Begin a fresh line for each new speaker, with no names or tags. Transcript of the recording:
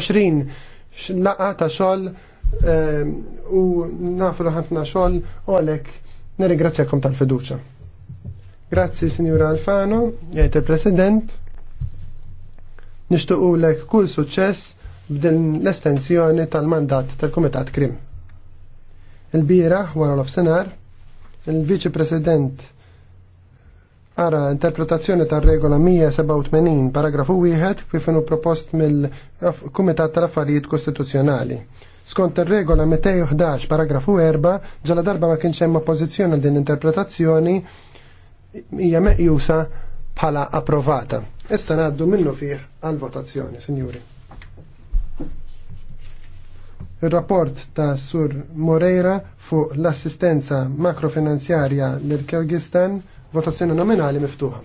20 laqa ta' xogħol ehm, u nafu ħafna xogħol u għalek nirringrazzjakom tal-fiduċja. Grazzi Sinjura Alfano, jgħid il-President. Nixtuqu lek kull suċċess b'din l-estensjoni tal-mandat tal-Kumitat Krim. il bira wara l-ofsenar, il-Viċi President Ara, interpretazzjoni tar regola 187, paragrafu 1, kif inu propost mill-Kumitat tal-Affarijiet Kostituzzjonali. Skont ir-regola 211, paragrafu 4, ġala darba ma kienx hemm oppożizzjoni din interpretazzjoni hija meqjusa bħala approvata. Issa ngħaddu minnu fih għal votazzjoni, sinjuri. Ir-rapport ta' Sur Moreira fuq l-assistenza makrofinanzjarja lill kirgistan Votazzjoni nominali miftuħa.